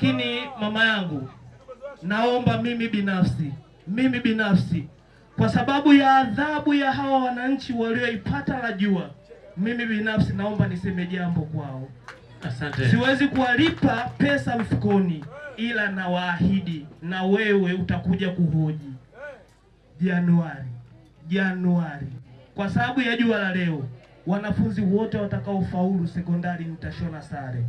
Lakini mama yangu, naomba mimi binafsi, mimi binafsi, kwa sababu ya adhabu ya hawa wananchi walioipata la jua, mimi binafsi naomba niseme jambo kwao. Asante. Siwezi kuwalipa pesa mfukoni, ila nawaahidi, na wewe utakuja kuhoji Januari, Januari, kwa sababu ya jua la leo wanafunzi wote watakaofaulu sekondari mtashona sare.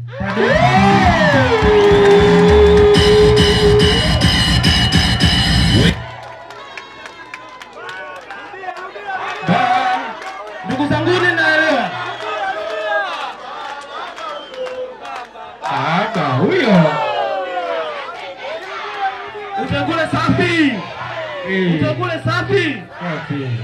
Uteule safi, eh. uteule safi.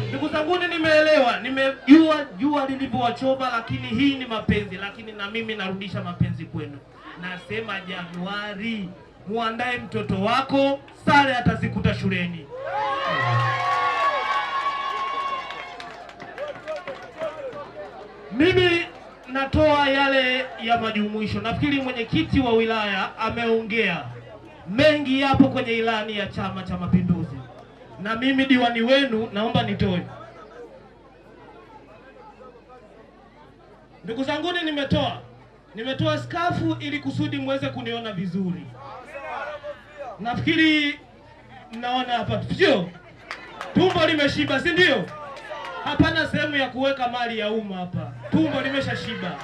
Ndugu nimeelewa, nimejua jua lilivyowachoba, lakini hii ni mapenzi, lakini na mimi narudisha mapenzi kwenu. Nasema Januari, muandae mtoto wako, sare atazikuta shuleni. Mimi natoa yale ya majumuisho. Nafikiri mwenyekiti wa wilaya ameongea mengi yapo kwenye ilani ya Chama cha Mapinduzi, na mimi diwani wenu naomba nitoe. Ndugu zanguni, nimetoa nimetoa skafu ili kusudi mweze kuniona vizuri. Nafikiri mnaona hapa, sio? Tumbo limeshiba, si ndio? Hapana sehemu ya kuweka mali ya umma hapa, tumbo limeshashiba.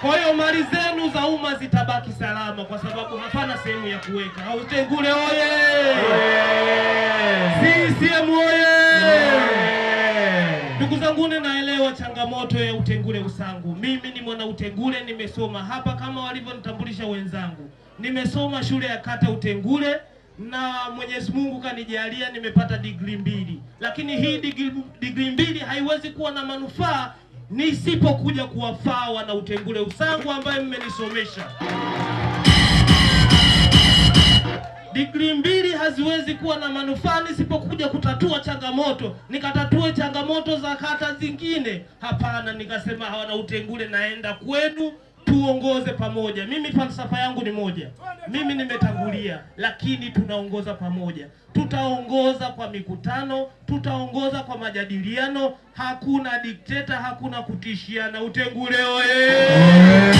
Kwa hiyo mali zenu za umma zitabaki salama, kwa sababu hapana sehemu ya kuweka. Hautengule oye! CCM oye! Ndugu zangu, naelewa changamoto ya utengule Usangu. Mimi ni mwana utengule, nimesoma hapa kama walivyonitambulisha wenzangu, nimesoma shule ya kata Utengule na Mwenyezi Mungu kanijalia nimepata digrii mbili, lakini hii digrii mbili haiwezi kuwa na manufaa nisipokuja kuwafaa wana Utengule Usangu ambaye mmenisomesha. Digrii mbili haziwezi kuwa na manufaa nisipokuja kutatua changamoto, nikatatue changamoto za kata zingine. Hapana, nikasema hawana Utengule, naenda kwenu tuongoze pamoja. Mimi falsafa yangu ni moja, mimi nimetangulia, lakini tunaongoza pamoja. Tutaongoza kwa mikutano, tutaongoza kwa majadiliano. Hakuna dikteta, hakuna kutishiana. Utenguleo eh!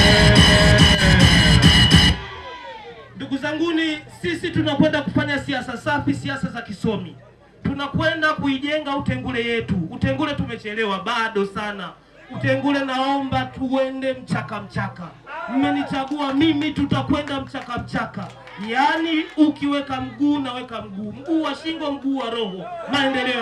Ndugu zanguni, sisi tunakwenda kufanya siasa safi, siasa za kisomi. Tunakwenda kuijenga Utengule yetu. Utengule tumechelewa bado sana. Mtengule, naomba tuende mchaka mchaka. Mmenichagua mimi, tutakwenda mchaka mchaka. Yaani ukiweka mguu naweka mguu, mguu wa shingo, mguu wa roho, maendeleo.